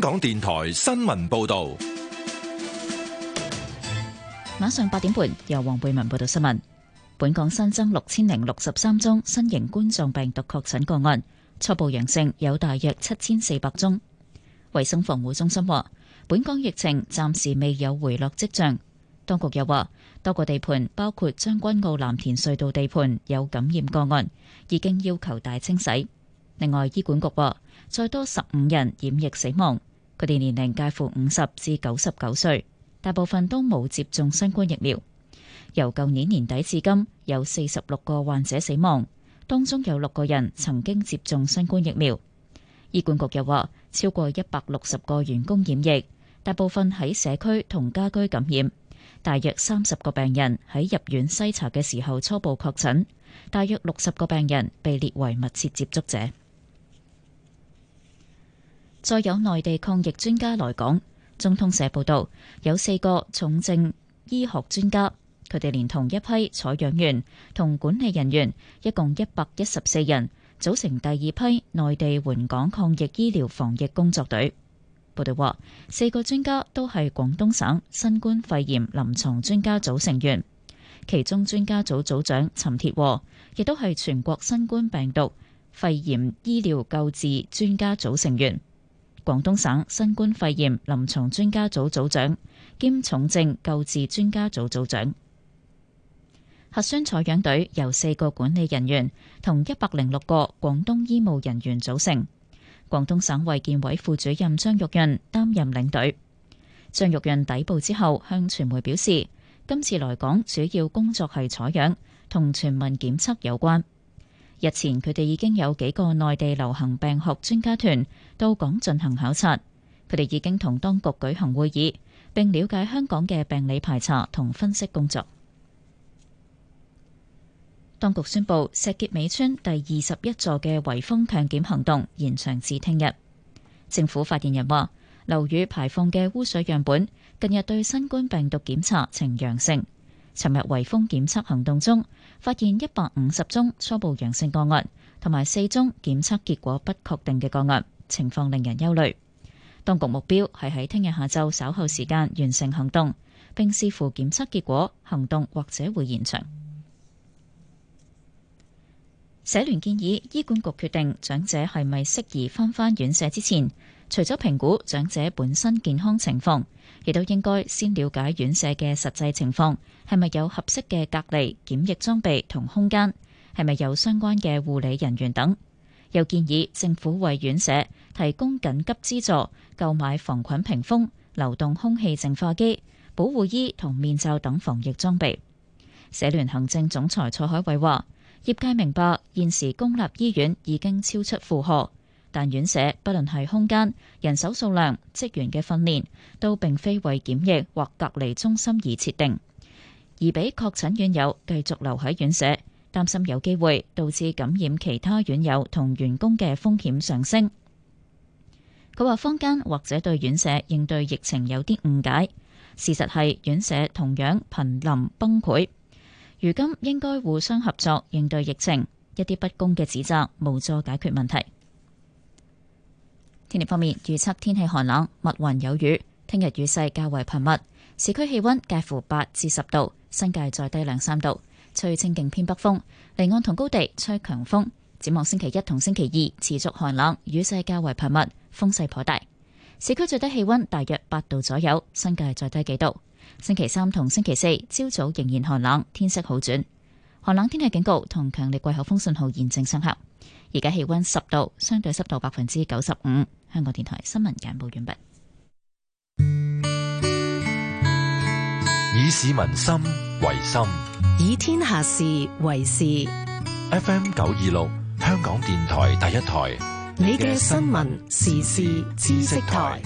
港電台新聞報道，晚上八點半由黃貝文報道新聞。本港新增六千零六十三宗新型冠狀病毒確診個案，初步陽性有大約七千四百宗。衛生防護中心話，本港疫情暫時未有回落跡象。當局又話，多個地盤包括將軍澳藍田隧道地盤有感染個案，已經要求大清洗。另外，醫管局話，再多十五人染疫死亡。佢哋年齡介乎五十至九十九歲，大部分都冇接種新冠疫苗。由舊年年底至今，有四十六個患者死亡，當中有六個人曾經接種新冠疫苗。醫管局又話，超過一百六十個員工染疫，大部分喺社區同家居感染。大約三十個病人喺入院篩查嘅時候初步確診，大約六十個病人被列為密切接觸者。再有內地抗疫專家來港。中通社報導，有四個重症醫學專家，佢哋連同一批採樣員同管理人員，一共一百一十四人，組成第二批內地援港抗疫醫療防疫工作隊。報導話，四個專家都係廣東省新冠肺炎臨床專家組成員，其中專家組組長陳鐵和亦都係全國新冠病毒肺炎醫療救治專家組成員。廣東省新冠肺炎臨床專家組組長兼重症救治專家組組長，核酸採樣隊由四個管理人員同一百零六個廣東醫務人員組成。廣東省衛健委副主任張玉潤擔任領隊。張玉潤抵埗之後，向傳媒表示，今次來港主要工作係採樣，同全民檢測有關。日前，佢哋已經有幾個內地流行病學專家團。到港進行考察，佢哋已經同當局舉行會議，並了解香港嘅病理排查同分析工作。當局宣佈石硤尾村第二十一座嘅圍風強檢行動延長至聽日。政府發言人話，樓宇排放嘅污水樣本近日對新冠病毒檢查呈陽性。尋日圍風檢測行動中，發現一百五十宗初步陽性個案，同埋四宗檢測結果不確定嘅個案。情況令人憂慮，當局目標係喺聽日下晝稍後時間完成行動，並視乎檢測結果，行動或者會延長。社聯建議醫管局決定長者係咪適宜翻返院舍之前，除咗評估長者本身健康情況，亦都應該先了解院舍嘅實際情況，係咪有合適嘅隔離檢疫裝備同空間，係咪有相關嘅護理人員等。又建議政府為院舍。提供緊急資助、購買防菌屏風、流動空氣淨化機、保護衣同面罩等防疫裝備。社聯行政總裁蔡海偉話，業界明白現時公立醫院已經超出負荷，但院舍不論係空間、人手數量、職員嘅訓練，都並非為檢疫或隔離中心而設定。而俾確診院友繼續留喺院舍，擔心有機會導致感染其他院友同員工嘅風險上升。佢話：坊間或者對院舍應對疫情有啲誤解，事實係院舍同樣瀕臨崩潰。如今應該互相合作應對疫情，一啲不公嘅指責無助解決問題。天氣方面預測天氣寒冷，密雲有雨，聽日雨勢較為頻密，市區氣溫介乎八至十度，新界再低兩三度，吹清勁偏北風，離岸同高地吹強風。展望星期一同星期二持續寒冷，雨勢較為頻密。風勢頗大，市區最低氣温大約八度左右，新界再低幾度。星期三同星期四朝早仍然寒冷，天色好轉。寒冷天氣警告同強烈季候風信號現正生效。而家氣温十度，相對濕度百分之九十五。香港電台新聞簡報完畢。以市民心為心，以天下事為事。FM 九二六，香港電台第一台。你嘅新聞時事知識台。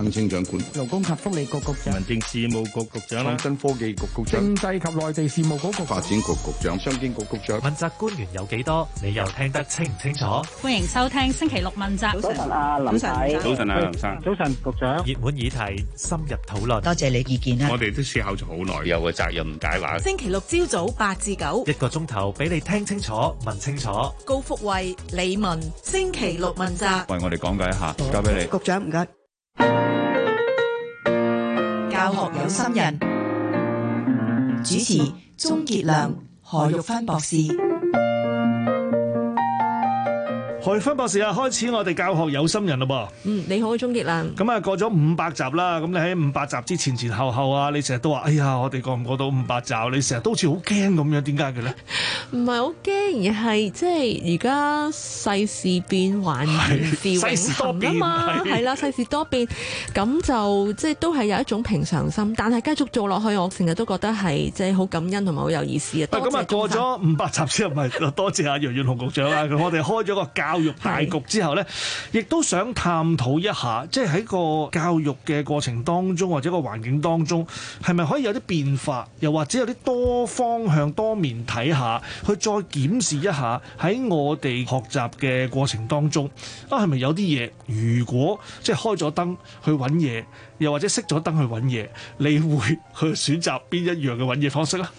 澄清長官、勞工及福利局局長、民政事務局局長、創新科技局局長、政制及內地事務局局長、發展局局長、商經局局長，問責官員有幾多？你又聽得清唔清楚？歡迎收聽星期六問責。早晨啊，林仔。早晨啊，林生。早晨，局長。熱門議題，深入討論。多謝你意見啊！我哋都思考咗好耐，有個責任解話。星期六朝早八至九，一個鐘頭俾你聽清楚、問清楚。高福慧、李文，星期六問責。為我哋講解一下，交俾你。局長，唔該。學有心人，主持鍾傑良、何玉芬博士。去分博士啊，開始我哋教學有心人咯噃。嗯，你好啊，鍾傑啦。咁啊，過咗五百集啦，咁你喺五百集之前前後後啊，你成日都話，哎呀，我哋過唔過到五百集？你成日都好似好驚咁樣，點解嘅咧？唔係好驚，而係即係而家世事變幻，世事多變啊嘛，係啦，世事多變，咁 就即係都係有一種平常心。但係繼續做落去，我成日都覺得係即係好感恩同埋好有意思啊。咁啊，過咗五百集之後，咪多謝阿楊潤雄局長啊，我哋開咗個教育大局之後呢，亦都想探討一下，即係喺個教育嘅過程當中，或者個環境當中，係咪可以有啲變化，又或者有啲多方向，多面睇下，去再檢視一下喺我哋學習嘅過程當中，啊，係咪有啲嘢？如果即係開咗燈去揾嘢，又或者熄咗燈去揾嘢，你會去選擇邊一樣嘅揾嘢方式啊？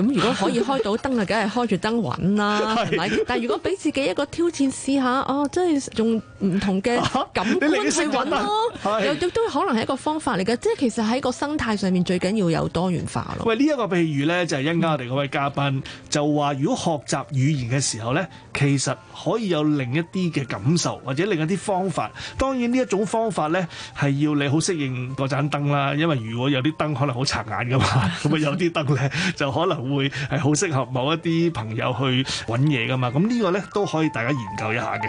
咁如果可以開到燈啊，梗係 開住燈揾啦，係咪？ 但係如果俾自己一個挑戰試下，哦，真係用唔同嘅感官去揾咯，啊啊，都可能係一個方法嚟嘅。即係其實喺個生態上面，最緊要有多元化咯。喂，呢、這、一個譬如咧，就係陣間我哋嗰位嘉賓就話，如果學習語言嘅時候咧，其實可以有另一啲嘅感受，或者另一啲方法。當然呢一種方法咧，係要你好適應嗰盞燈啦，因為如果有啲燈可能好刺眼嘅嘛，咁啊 有啲燈咧就可能。會係好適合某一啲朋友去揾嘢㗎嘛？咁呢個呢，都可以大家研究一下嘅。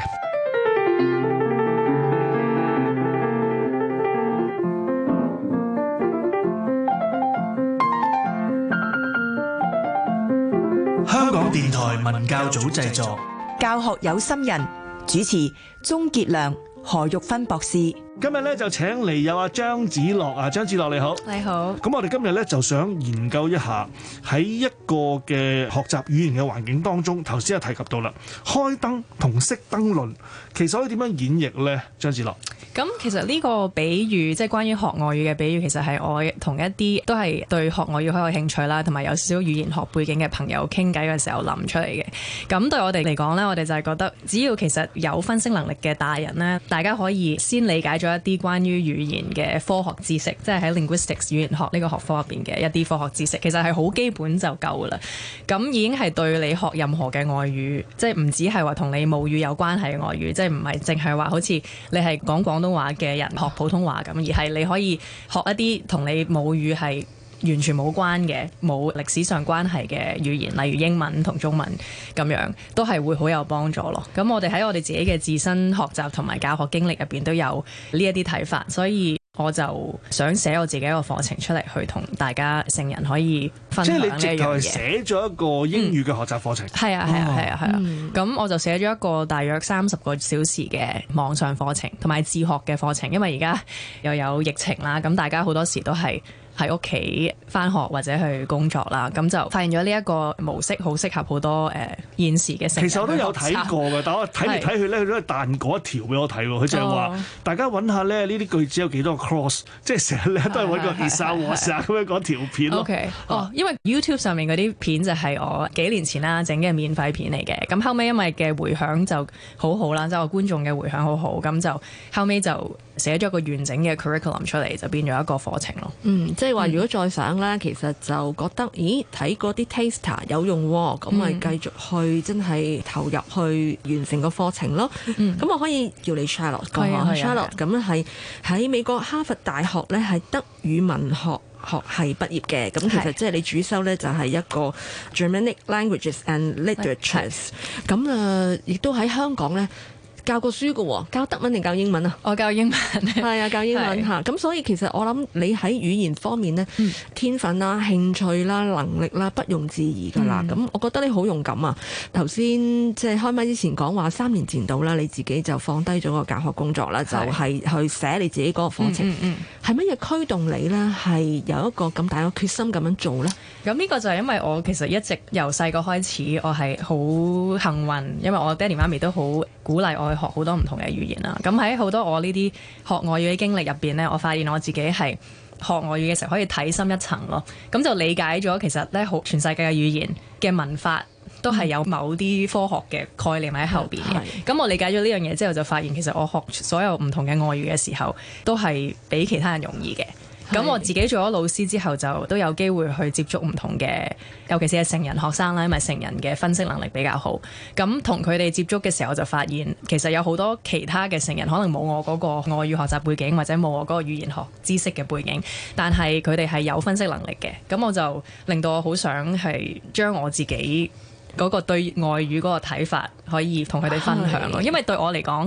香港電台文教組製作，教學有心人主持，鍾傑良、何玉芬博士。今日咧就請嚟有阿張芷諾啊，張芷諾你好，你好。咁好我哋今日咧就想研究一下喺一個嘅學習語言嘅環境當中，頭先又提及到啦，開燈同熄燈論，其實可以點樣演繹呢？張芷諾，咁其實呢個比喻即係關於學外語嘅比喻，其實係我同一啲都係對學外語好有興趣啦，同埋有少少語言學背景嘅朋友傾偈嘅時候諗出嚟嘅。咁對我哋嚟講呢，我哋就係覺得只要其實有分析能力嘅大人呢，大家可以先理解咗。一啲關於語言嘅科學知識，即係喺 Linguistics 語言學呢個學科入邊嘅一啲科學知識，其實係好基本就夠噶啦。咁已經係對你學任何嘅外語，即係唔止係話同你母語有關係嘅外語，即係唔係淨係話好似你係講廣東話嘅人學普通話咁，而係你可以學一啲同你母語係完全冇關嘅，冇歷史上關係嘅語言，例如英文同中文咁樣，都係會好有幫助咯。咁我哋喺我哋自己嘅自身學習同埋教學經歷入邊都有呢一啲睇法，所以我就想寫我自己一個課程出嚟，去同大家成人可以分享呢一樣嘢。即係你直頭係寫咗一個英語嘅學習課程，係啊係啊係啊係啊。咁、啊啊啊啊嗯、我就寫咗一個大約三十個小時嘅網上課程同埋自學嘅課程，因為而家又有疫情啦，咁大家好多時都係。喺屋企翻學或者去工作啦，咁就發現咗呢一個模式好適合好多誒、呃、現時嘅成。其實我都有睇過嘅， 但我睇睇佢咧都係彈嗰一條俾我睇喎。佢就係話、哦、大家揾下咧呢啲句子有幾多個 cross，即係成日咧都係揾個 get some 嗰條片 Okay.、啊、哦，因為 YouTube 上面嗰啲片就係我幾年前啦整嘅免費片嚟嘅，咁後尾因為嘅回響就好好啦，即、就、係、是、我觀眾嘅回響好好，咁就後尾就。寫咗一個完整嘅 curriculum 出嚟就變咗一個課程咯。嗯，即係話如果再想咧，其實就覺得咦睇嗰啲 taster 有用喎，咁咪繼續去真係投入去完成個課程咯。嗯，咁我可以叫你 Charlotte 咯，講下 Charlotte 咯。咁係喺美國哈佛大學咧，係德語文學學系畢業嘅。咁的其實即係你主修咧就係一個 Germanic Languages and Literature。咁啊，亦都喺香港咧。教過書嘅，教德文定教英文啊？我教英文，係啊，教英文吓。咁是所以其實我諗你喺語言方面咧，嗯、天分啦、興趣啦、能力啦，不容置疑噶啦。咁、嗯、我覺得你好勇敢啊！頭先即係開咪之前講話，三年前到啦，你自己就放低咗個教學工作啦，是就係去寫你自己嗰個課程。嗯，係乜嘢驅動你咧？係有一個咁大嘅決心咁樣做咧？咁呢個就係因為我其實一直由細個開始，我係好幸運，因為我爹哋媽咪都好。鼓勵我去學好多唔同嘅語言啦。咁喺好多我呢啲學外語嘅經歷入邊呢，我發現我自己係學外語嘅時候可以睇深一層咯。咁就理解咗其實呢好全世界嘅語言嘅文法都係有某啲科學嘅概念喺後邊嘅。咁我理解咗呢樣嘢之後，就發現其實我學所有唔同嘅外語嘅時候，都係比其他人容易嘅。咁我自己做咗老師之後，就都有機會去接觸唔同嘅，尤其是係成人學生啦，因為成人嘅分析能力比較好。咁同佢哋接觸嘅時候，就發現其實有好多其他嘅成人可能冇我嗰個外語學習背景，或者冇我嗰個語言學知識嘅背景，但係佢哋係有分析能力嘅。咁我就令到我好想係將我自己嗰個對外語嗰個睇法，可以同佢哋分享咯。是因為對我嚟講，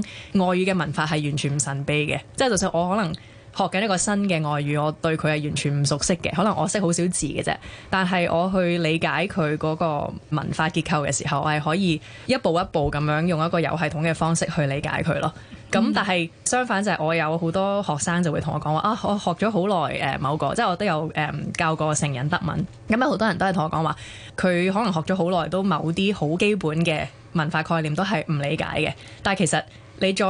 外語嘅文化係完全唔神秘嘅，即係就算我可能，學緊一個新嘅外語，我對佢係完全唔熟悉嘅。可能我識好少字嘅啫，但係我去理解佢嗰個文化結構嘅時候，我係可以一步一步咁樣用一個有系統嘅方式去理解佢咯。咁但係相反就係我有好多學生就會同我講話啊，我學咗好耐誒某個，即係我都有誒、呃、教過成人德文。咁樣好多人都係同我講話，佢可能學咗好耐，都某啲好基本嘅文化概念都係唔理解嘅。但係其實你再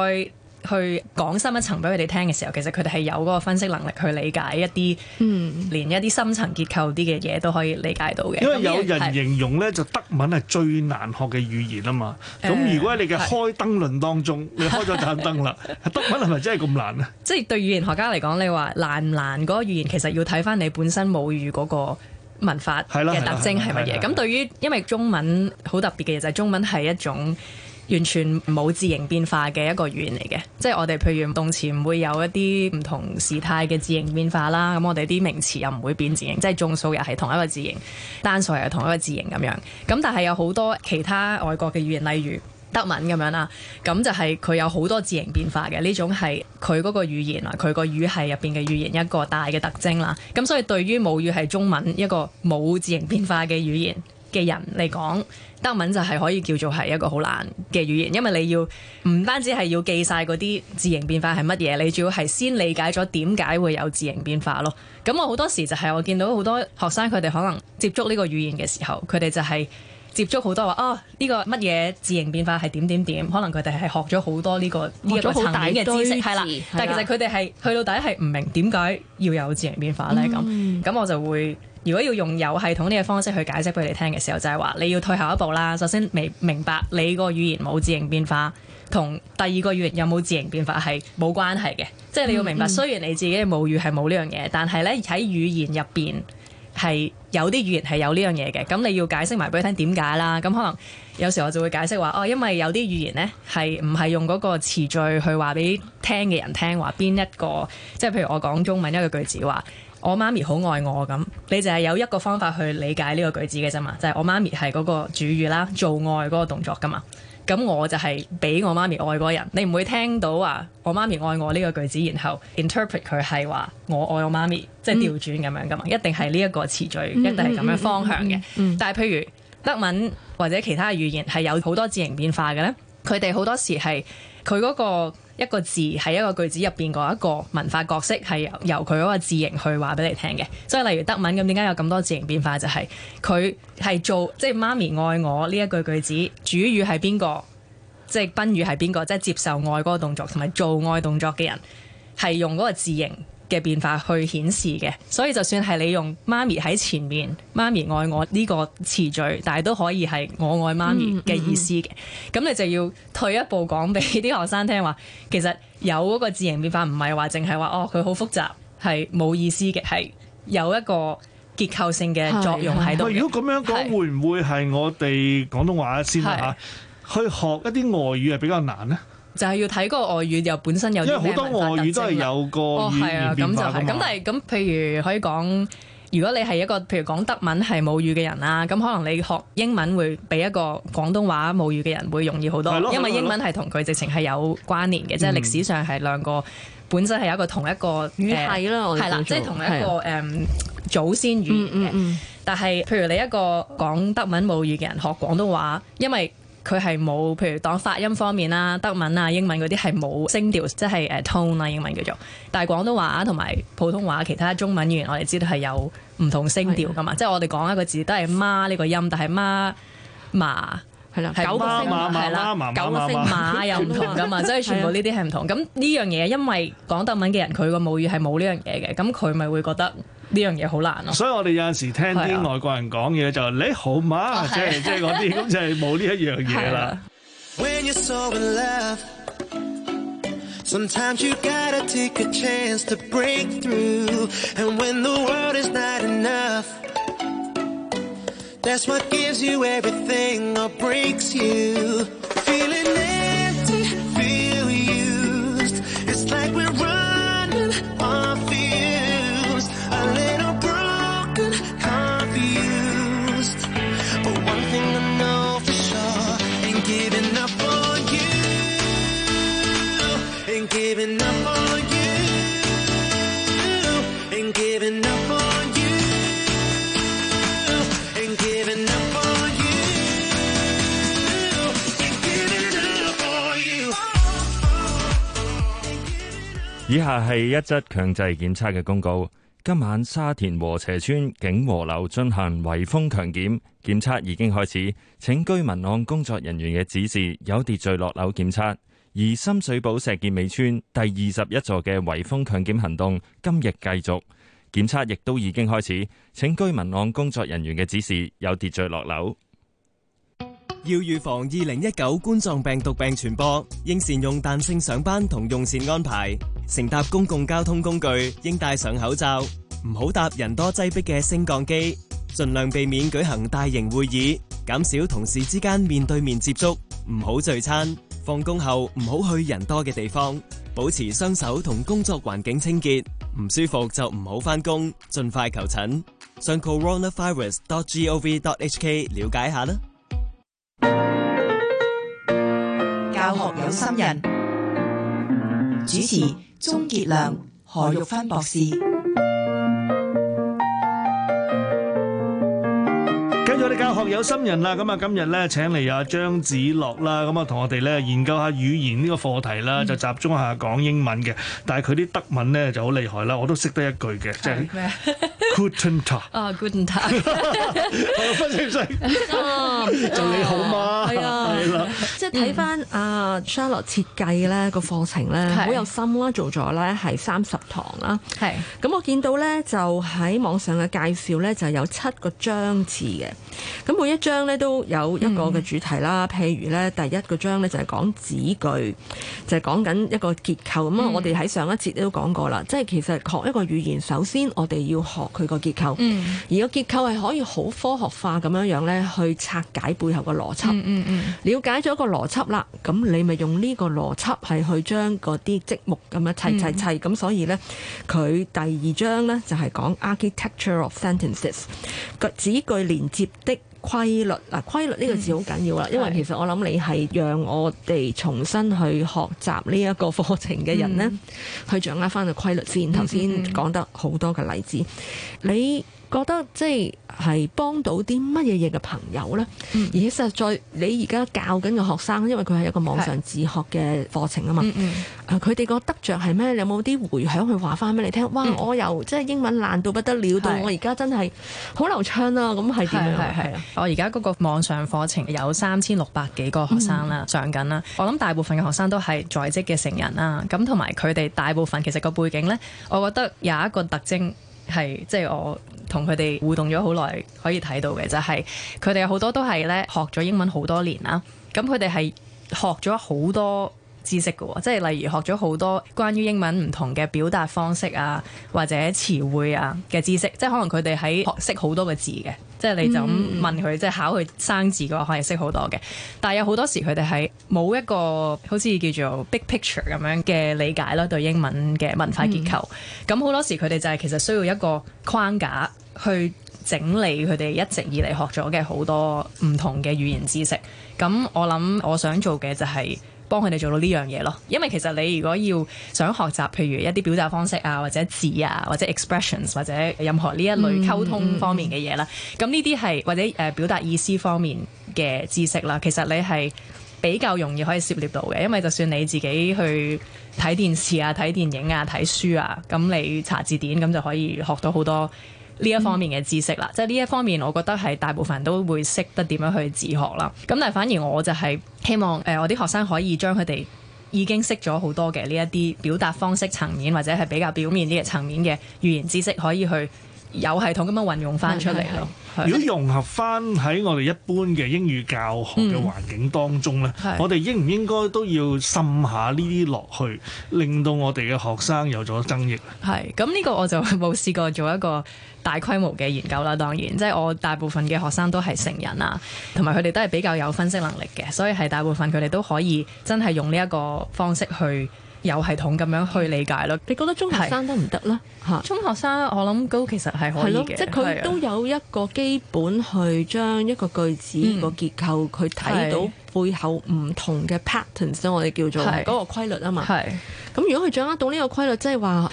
去講深一層俾佢哋聽嘅時候，其實佢哋係有嗰個分析能力去理解一啲，連一啲深層結構啲嘅嘢都可以理解到嘅。因為有人形容咧，就德文係最難學嘅語言啊嘛。咁如果喺你嘅開燈論當中，你開咗盞燈啦，德文係咪真係咁難咧？即係對語言學家嚟講，你話難唔難嗰個語言，其實要睇翻你本身母語嗰個文化嘅特徵係乜嘢。咁對於因為中文好特別嘅嘢就係中文係一種。完全冇字形變化嘅一個語言嚟嘅，即係我哋譬如動詞唔會有一啲唔同時態嘅字形變化啦，咁我哋啲名詞又唔會變字形，即係眾數又係同一個字形，單數又係同一個字形咁樣。咁但係有好多其他外國嘅語言，例如德文咁樣啦，咁就係佢有好多字形變化嘅。呢種係佢嗰個語言啊，佢個語系入邊嘅語言一個大嘅特徵啦。咁所以對於母語係中文一個冇字形變化嘅語言，嘅人嚟講，德文就係可以叫做係一個好難嘅語言，因為你要唔單止係要記晒嗰啲字形變化係乜嘢，你仲要係先理解咗點解會有字形變化咯。咁我好多時就係、是、我見到好多學生佢哋可能接觸呢個語言嘅時候，佢哋就係接觸好多話哦，呢、這個乜嘢字形變化係點點點，可能佢哋係學咗好多呢、這個，呢個好大嘅知識，係字啦，但係其實佢哋係去到底係唔明點解要有字形變化咧咁，咁、嗯、我就會。如果要用有系統呢個方式去解釋俾你聽嘅時候，就係話你要退後一步啦。首先未明白你個語言冇字形變化，同第二個語言有冇字形變化係冇關係嘅。嗯、即係你要明白，雖然你自己嘅母語係冇呢樣嘢，但係咧喺語言入邊係有啲語言係有呢樣嘢嘅。咁你要解釋埋俾佢聽點解啦。咁可能有時候我就會解釋話，哦，因為有啲語言咧係唔係用嗰個詞序去話俾聽嘅人聽，話邊一個，即係譬如我講中文一個句子話。我媽咪好愛我咁，你就係有一個方法去理解呢個句子嘅啫嘛，就係我媽咪係嗰個主語啦，做愛嗰個動作噶嘛。咁我就係俾我媽咪愛嗰人，你唔會聽到話我媽咪愛我呢個句子，然後 interpret 佢係話我愛我媽咪，即係調轉咁樣噶嘛，嗯、一定係呢一個詞序，嗯、一定係咁樣方向嘅。嗯嗯嗯、但係譬如德文或者其他嘅語言係有好多字形變化嘅咧，佢哋好多時係佢嗰個。一個字係一個句子入邊嗰一個文化角色，係由佢嗰個字形去話俾你聽嘅。所以例如德文咁，點解有咁多字形變化？就係佢係做即係媽咪愛我呢一句句子，主語係邊個？即係賓語係邊個？即係接受愛嗰個動作同埋做愛動作嘅人，係用嗰個字形嘅變化去顯示嘅，所以就算係你用媽咪喺前面，媽咪愛我呢個詞序，但係都可以係我愛媽咪嘅意思嘅。咁、嗯嗯嗯、你就要退一步講俾啲學生聽，話，其實有嗰個字形變化，唔係話淨係話哦佢好複雜，係冇意思嘅，係有一個結構性嘅作用喺度。如果咁樣講，是會唔會係我哋廣東話先是去學一啲外語係比較難呢？就係要睇嗰個外語又本身有啲咩文化特色。因為好多外語都係有個語言變化。哦，係啊，咁就係。咁但係咁，譬如可以講，如果你係一個譬如講德文係母語嘅人啦，咁可能你學英文會比一個廣東話母語嘅人會容易好多，因為英文係同佢直情係有關聯嘅，即係歷史上係兩個本身係有一個同一個語系啦，係啦，即係同一個誒祖先語嘅。嗯嗯嗯。但係譬如你一個講德文母語嘅人學廣東話，因為佢係冇，譬如當發音方面啦、德文啊、英文嗰啲係冇聲調，即係誒、uh, tone 啦，英文叫做。但係廣東話同埋普通話其他中文語言，我哋知道係有唔同聲調噶嘛。即係、啊、我哋講一個字都係媽呢個音，但係媽媽係啦，九媽媽媽媽媽，媽對九個聲碼又唔同噶嘛，所以全部呢啲係唔同。咁呢樣嘢，因為講德文嘅人佢個母語係冇呢樣嘢嘅，咁佢咪會覺得。呢樣嘢好難咯、啊，所以我哋有陣時聽啲外國人講嘢、啊、就，你好嗎，即係即係嗰啲，咁就係冇呢一樣嘢啦。就是 以下係一則強制檢測嘅公告。今晚沙田禾輋邨景和樓進行圍封強檢，檢測已經開始，請居民按工作人員嘅指示有秩序落樓檢測。而深水埗石硤尾邨第二十一座嘅圍封強檢行動今日繼續，檢測亦都已經開始，請居民按工作人員嘅指示有秩序落樓。要預防二零一九冠狀病毒病傳播，應善用彈性上班同用膳安排。乘搭公共交通工具應戴上口罩，唔好搭人多擠迫嘅升降機。盡量避免舉行大型會議，減少同事之間面對面接觸。唔好聚餐，放工後唔好去人多嘅地方，保持雙手同工作環境清潔。唔舒服就唔好返工，盡快求診。上 coronavirus.gov.hk 了解下啦。教學有心人，主持鍾傑亮、何玉芬博士。我哋教學有心人啦，咁啊今日咧請嚟阿張芷諾啦，咁啊同我哋咧研究下語言呢個課題啦，就集中下講英文嘅。但係佢啲德文咧就好厲害啦，我都識得一句嘅，即係 Guten Tag 啊 Guten Tag 你好嘛？係啊，即係睇翻阿 Charlotte 設計咧個課程咧，好有心啦，做咗咧係三十堂啦。係。咁我見到咧就喺網上嘅介紹咧就有七個章節嘅。咁每一章咧都有一個嘅主題啦，嗯、譬如咧第一個章咧就係講子句，就係、是、講緊一個結構。咁啊、嗯，我哋喺上一節都講過啦，即係其實學一個語言，首先我哋要學佢個結構，嗯、而個結構係可以好科學化咁樣樣咧去拆解背後嘅邏輯。嗯嗯嗯、了解咗一個邏輯啦，咁你咪用呢個邏輯係去將嗰啲積木咁樣砌砌砌。咁、嗯、所以呢，佢第二章呢就係講 architecture of sentences，個子句連接。規律嗱、啊，規律呢個字好緊要啦，嗯、因為其實我諗你係讓我哋重新去學習呢一個課程嘅人呢，嗯、去掌握返個規律先。頭先講得好多嘅例子，你，覺得即係幫到啲乜嘢嘢嘅朋友呢？嗯、而且實在你而家教緊嘅學生，因為佢係一個網上自學嘅課程啊嘛，佢哋個得着係咩？你有冇啲回響去話翻俾你聽？哇！我由即係英文爛到不得了，到我而家真係好流暢啦、啊！咁係點樣？係我而家嗰個網上課程有三千六百幾個學生啦，嗯、上緊啦。我諗大部分嘅學生都係在職嘅成人啦，咁同埋佢哋大部分其實個背景呢，我覺得有一個特徵係即係我。同佢哋互動咗好耐，可以睇到嘅就係佢哋有好多都係咧學咗英文好多年啦。咁佢哋係學咗好多知識嘅，即係例如學咗好多關於英文唔同嘅表達方式啊，或者詞彙啊嘅知識。即係可能佢哋喺學識好多個字嘅、嗯，即係你就咁問佢，即係考佢生字嘅話，可能識好多嘅。但係有好多時佢哋係冇一個好似叫做 big picture 咁樣嘅理解咯，對英文嘅文化結構。咁好、嗯、多時佢哋就係其實需要一個框架。去整理佢哋一直以嚟學咗嘅好多唔同嘅語言知識。咁我諗我想做嘅就係幫佢哋做到呢樣嘢咯。因為其實你如果要想學習，譬如一啲表達方式啊，或者字啊，或者 expressions，或者任何呢一類溝通方面嘅嘢啦，咁呢啲係或者誒表達意思方面嘅知識啦，其實你係比較容易可以涉獵到嘅。因為就算你自己去睇電視啊、睇電影啊、睇書啊，咁你查字典咁就可以學到好多。呢一方面嘅知識啦，即係呢一方面，我覺得係大部分人都會識得點樣去自學啦。咁但係反而我就係希望誒，我啲學生可以將佢哋已經識咗好多嘅呢一啲表達方式層面，或者係比較表面啲嘅層面嘅語言知識，可以去。有系統咁樣運用翻出嚟咯。如果融合翻喺我哋一般嘅英語教學嘅環境當中咧，嗯、我哋應唔應該都要滲下呢啲落去，令到我哋嘅學生有咗增益？係咁呢個我就冇試過做一個大規模嘅研究啦。當然，即係我大部分嘅學生都係成人啊，同埋佢哋都係比較有分析能力嘅，所以係大部分佢哋都可以真係用呢一個方式去。有系統咁樣去理解咯，你覺得中學生得唔得呢？嚇，中學生我諗都其實係可以嘅了，即係佢都有一個基本去將一個句子個結構、嗯，佢睇到背後唔同嘅 pattern，即我哋叫做嗰個規律啊嘛。咁如果佢掌握到呢個規律，即係話。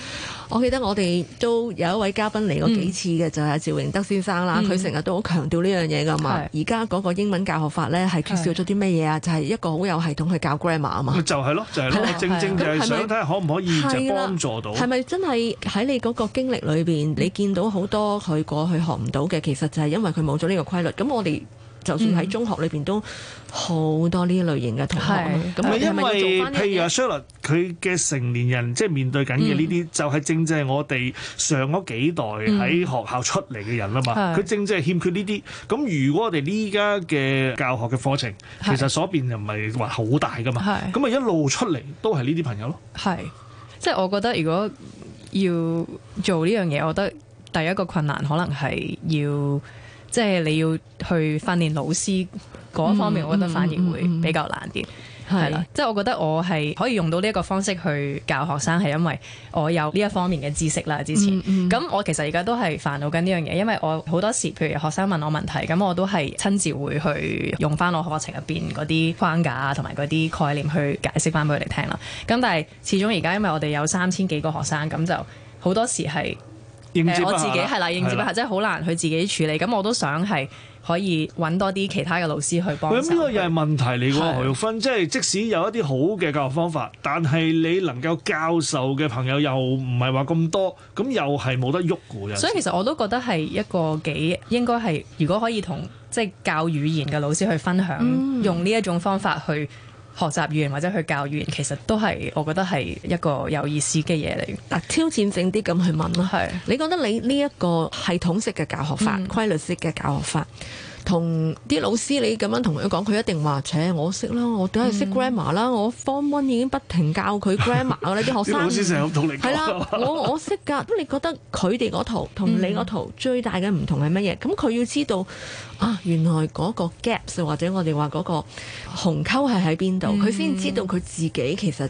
我記得我哋都有一位嘉賓嚟過幾次嘅，嗯、就係趙榮德先生啦。佢成日都好強調呢樣嘢噶嘛。而家嗰個英文教學法咧，係缺少咗啲咩嘢啊？是就係一個好有系統去教 grammar 啊嘛的。咪就係、是、咯，就係咯，正正就係想睇下可唔可以的就幫助到。係咪真係喺你嗰個經歷裏邊，你見到好多佢過去學唔到嘅，其實就係因為佢冇咗呢個規律。咁我哋。就算喺中學裏邊都好多呢類型嘅同學，咁、咪、嗯、因為譬如阿 Charlotte 佢嘅成年人即係面對緊嘅呢啲，嗯、就係正正係我哋上嗰幾代喺學校出嚟嘅人啦嘛。佢、嗯、正正係欠缺呢啲。咁如果我哋呢家嘅教學嘅課程，其實所變又唔係話好大噶嘛。咁咪是 一路出嚟都係呢啲朋友咯。係、嗯，即係我覺得如果要做呢樣嘢，我覺得第一個困難可能係要。即係你要去訓練老師嗰方面，嗯、我覺得反而會比較難啲，係啦。即係我覺得我係可以用到呢一個方式去教學生，係因為我有呢一方面嘅知識啦。之前咁、嗯嗯、我其實而家都係煩惱緊呢樣嘢，因為我好多時譬如學生問我問題，咁我都係親自會去用翻我課程入邊嗰啲框架同埋嗰啲概念去解釋翻俾佢哋聽啦。咁但係始終而家因為我哋有三千幾個學生，咁就好多時係。呃、我自己應接不下，即係好難去自己處理，咁我都想係可以揾多啲其他嘅老師去幫手。呢個又係問題嚟喎，何玉芬，即係是的 即使有一啲好嘅教育方法，但係你能夠教授嘅朋友又唔係話咁多，咁又係冇得喐嘅。所以其實我都覺得係一個幾應該係，如果可以同即係教語言嘅老師去分享，嗯、用呢一種方法去。學習語言或者去教語言，其實都係我覺得係一個有意思嘅嘢嚟。嗱，挑戰性啲咁去問咯，係是。你覺得你呢一個系統式嘅教學法、嗯、規律式嘅教學法？同啲老師你咁樣同佢講，佢一定話：誒，我識啦，我梗係識 grammar 啦，我 form one 已經不停教佢 grammar，啲學生啲係啦，我我識㗎。咁 你覺得佢哋嗰圖同你嗰圖最大嘅唔同係乜嘢？咁佢要知道啊，原來嗰個 gaps 或者我哋話嗰個鴻溝係喺邊度，佢先 知道佢自己其實。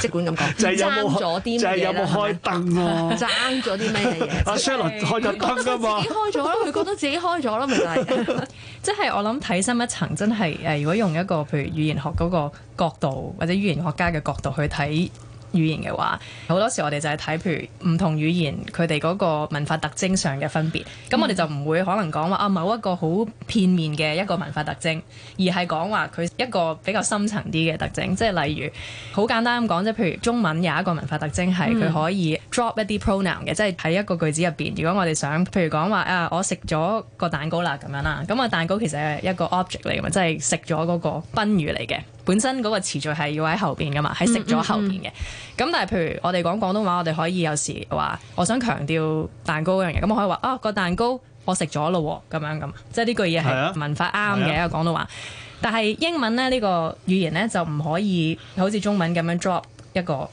即管咁講，就係有冇開、啊？ 就有冇開燈咯？爭咗啲咩嘢？阿 Sherlock 開咗燈㗎嘛？自己開咗啦，佢覺得自己開咗啦，咪係。 即係我諗睇深一層，真係誒，如果用一個譬如語言學嗰個角度，或者語言學家嘅角度去睇。語言嘅話，好多時我哋就係睇譬如唔同語言佢哋嗰個文化特徵上嘅分別。咁、嗯、我哋就唔會可能講話啊某一個好片面嘅一個文化特徵，而係講話佢一個比較深層啲嘅特徵。即係例如好簡單咁講即係，譬如中文有一個文化特徵係佢可以、嗯。drop 一啲 pronoun 嘅，即係喺一個句子入邊。如果我哋想，譬如講話啊，我食咗個蛋糕啦咁樣啦，咁、那、啊、個、蛋糕其實係一個 object 嚟嘅，即係食咗嗰個賓語嚟嘅。本身嗰個詞序係要喺後邊嘅嘛，喺食咗後邊嘅。咁、嗯嗯嗯、但係譬如我哋講廣東話，我哋可以有時話，我想強調蛋糕嗰樣嘢，咁我可以話啊、個蛋糕我食咗咯喎咁樣咁，即係呢句嘢係文法啱嘅喺廣東話。但係英文咧呢、呢個語言咧就唔可以好似中文咁樣 drop 一個。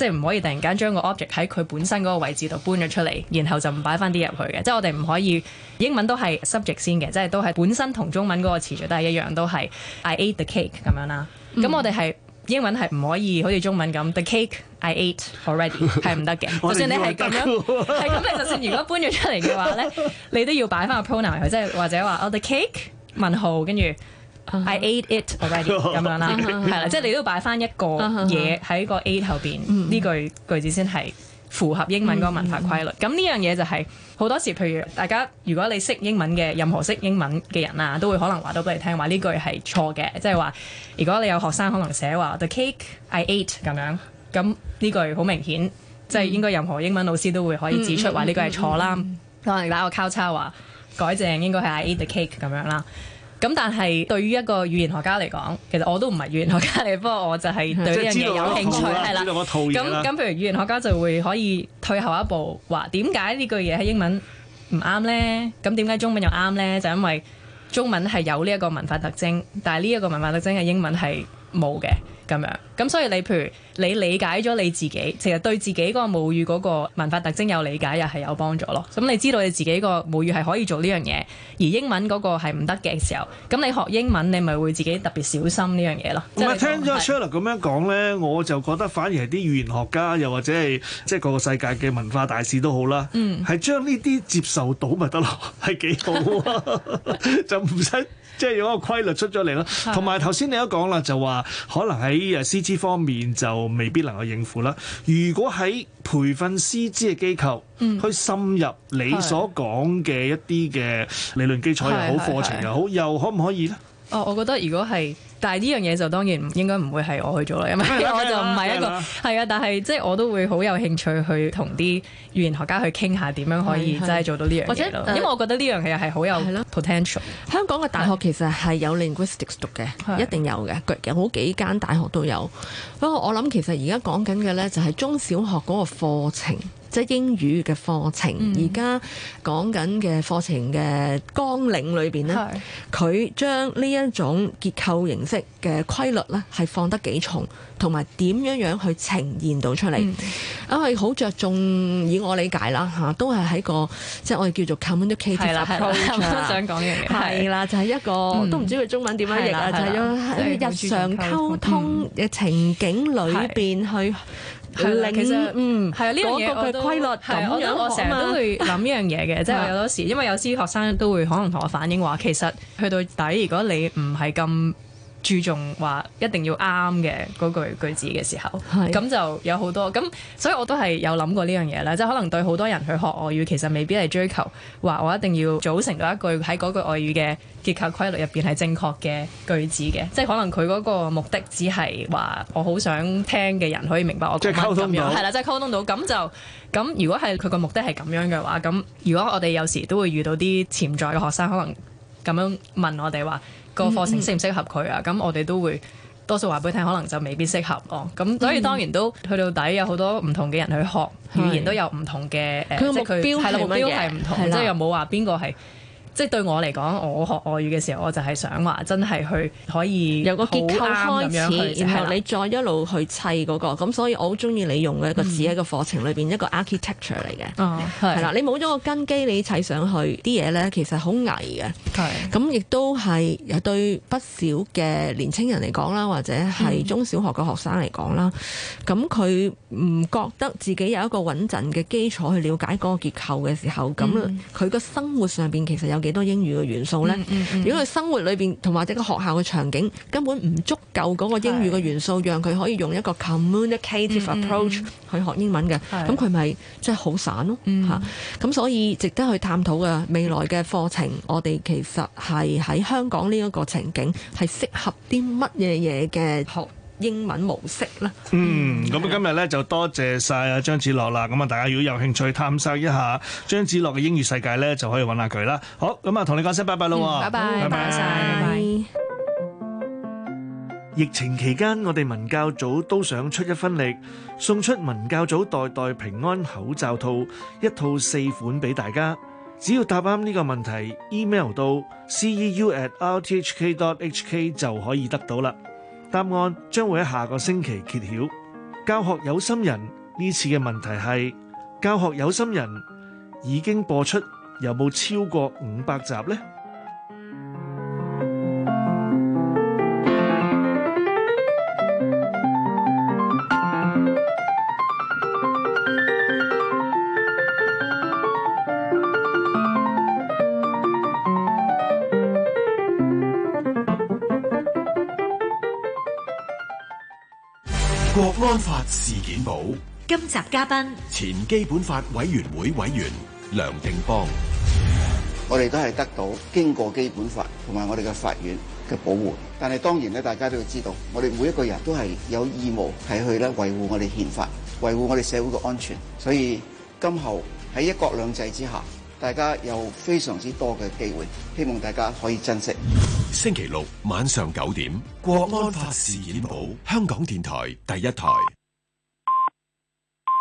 即係唔可以突然間將個 object 喺佢本身嗰個位置度搬咗出嚟，然後就唔擺翻啲入去嘅。即係我哋唔可以，英文都係 subject 先嘅，即係都係本身同中文嗰個詞序都係一樣，都係 I ate the cake 咁樣啦。咁、嗯、我哋係英文係唔可以好似中文咁 the cake I ate already 係唔得嘅。 就算你係咁樣，係咁， 你就算如果搬咗出嚟嘅話咧， 你都要擺翻個 pronoun、um、喺佢，即係或者話我、oh, the cake 問號跟住 I ate it already 咁樣啦，係啦，即係你都要擺翻一個嘢喺個 ate 後邊呢 句句子先係符合英文嗰個文法規律。咁呢 樣嘢就係、是、好多時，譬如大家如果你識英文嘅任何識英文嘅人啊，都會可能話到俾你聽，話呢句係錯嘅，即係話如果你有學生可能寫話 the cake I ate 咁樣，咁呢句好明顯，即係 應該任何英文老師都會可以指出話呢句係錯啦，可能打個交叉話改正應該係 I ate the cake 咁樣啦。咁但係對於一個語言學家嚟講，其實我都唔係語言學家嚟，不過我就係對呢樣嘢有興趣，係啦、嗯。咁咁，了譬如語言學家就會可以退後一步，話點解呢句嘢喺英文唔啱呢？咁點解中文又啱呢？就因為中文係有呢一個文化特徵，但係呢一個文化特徵喺英文係冇嘅。咁樣，咁所以你譬如你理解咗你自己，其實對自己嗰個母語嗰個文化特徵有理解，又係有幫助咯。咁你知道你自己個母語係可以做呢樣嘢，而英文嗰個係唔得嘅時候，咁你學英文你咪會自己特別小心呢是樣嘢咯。唔係聽咗 Shirley 咁樣講呢，我就覺得反而係啲語言學家，又或者係即係個個世界嘅文化大使都好啦，係、嗯、將呢啲接受到咪得咯？係 幾好啊？ 就唔使。即係有一個規律出咗嚟咯，同埋頭先你都講啦，就話可能喺誒師資方面就未必能夠應付啦。如果喺培訓師資嘅機構去深入你所講嘅一啲嘅理論基礎又好，是的 課程又好，是的是的又可唔可以呢？哦，我覺得如果係。但係呢樣嘢就當然唔應該唔會係我去做啦，因為我就唔係一個係啊。 但係即係我都會好有興趣去同啲語言學家去傾下點樣可以真係做到呢樣嘢咯。或者呃、因為我覺得呢樣嘢係好有 potential、呃。香港嘅大學其實係有 linguistics 的讀嘅，一定有嘅，有好幾間大學都有。不過我諗其實而家講緊嘅呢，就係中小學嗰個課程。即係英語嘅課程，而家講緊嘅課程嘅綱領裏邊咧，佢、mm. 將呢一種結構形式嘅規律咧，係放得幾重，同埋點樣樣去呈現到出嚟？Mm. 因為好着重，以我理解啦嚇，都係喺個即係、就是、我哋叫做 communicative approach 啦，想講嘅係啦， 的 就係一個都唔知佢中文點樣形容，就喺日常溝通嘅情景裏邊去。Mm. 係，嗯、其實嗯，係啊的，呢樣嘢我規律咁樣，我成日都會諗呢樣嘢嘅，即係 有時，因為有啲學生都會可能同我反映話，其實去到底，如果你唔係咁。注重話一定要啱嘅嗰句句子嘅時候，咁是就有好多咁，所以我都係有諗過呢樣嘢喇，即係可能對好多人去學外語，其實未必係追求話我一定要組成到一句喺嗰句外語嘅結構規律入邊係正確嘅句子嘅，即係可能佢嗰個目的只係話我好想聽嘅人可以明白我講乜咁樣，係啦，即係溝通到咁就咁。如果係佢個目的係咁樣嘅話，咁如果我哋有時都會遇到啲潛在嘅學生，可能。咁樣問我哋話個課程適唔適合佢啊？咁、嗯、我哋都會多數話俾佢聽，可能就未必適合咯。咁、哦、所以當然都、嗯、去到底有好多唔同嘅人去學語言，都有唔同嘅誒，即目標係唔對同，的即係又冇話邊個係。即係對我嚟講，我學外語嘅時候，我就係想話真係去可以有個結構開始，然後你再一路去砌嗰、嗰個。咁、嗯、所以我好中意你用嘅一個字一個，一個課程裏邊一個 architecture 嚟嘅。哦，係啦，你冇咗個根基，你砌上去啲嘢咧，其實好危嘅。咁亦是都係對不少嘅年青人嚟講啦，或者係中小學嘅學生嚟講啦，咁佢唔覺得自己有一個穩陣嘅基礎去了解個結構嘅時候，咁佢個生活上邊其實有。幾多英語嘅元素呢？嗯嗯嗯、如果佢生活裏邊同埋者個學校嘅場景根本唔足夠嗰個英語嘅元素，是讓佢可以用一個 communicative approach、嗯嗯、去學英文嘅，咁佢咪即係好散咯、啊、吓。咁、嗯啊、所以值得去探討嘅未來嘅課程，我哋其實係喺香港呢一個情景係適合啲乜嘢嘢嘅學英文模式啦。嗯，咁、嗯、今日咧、嗯、就多謝晒啊張芷諾啦。咁啊，大家如果有興趣探索一下張芷諾嘅英語世界咧，就可以揾下佢啦。好，咁啊，同你講聲拜拜啦、嗯。拜拜，拜拜。拜拜。疫情期間，我哋文教組都想出一分力，送出文教組代代平安口罩套一套四款俾大家。只要答啱呢個問題，email 到 ceu at rthk dot hk 就可以得到啦。答案將會喺下個星期揭曉。教學有心人呢次嘅問題係：教學有心人已經播出，有冇超過五百集呢？保今集嘉賓前基本法委員會委員梁定邦，我哋都係得到經過基本法同埋我哋嘅法院嘅保護，但係當然咧，大家都要知道，我哋每一個人都係有義務係去咧維護我哋憲法、維護我哋社會嘅安全，所以今後喺一國兩制之下，大家有非常之多嘅機會，希望大家可以珍惜。星期六晚上九點，國安法事件簿，香港電台第一台。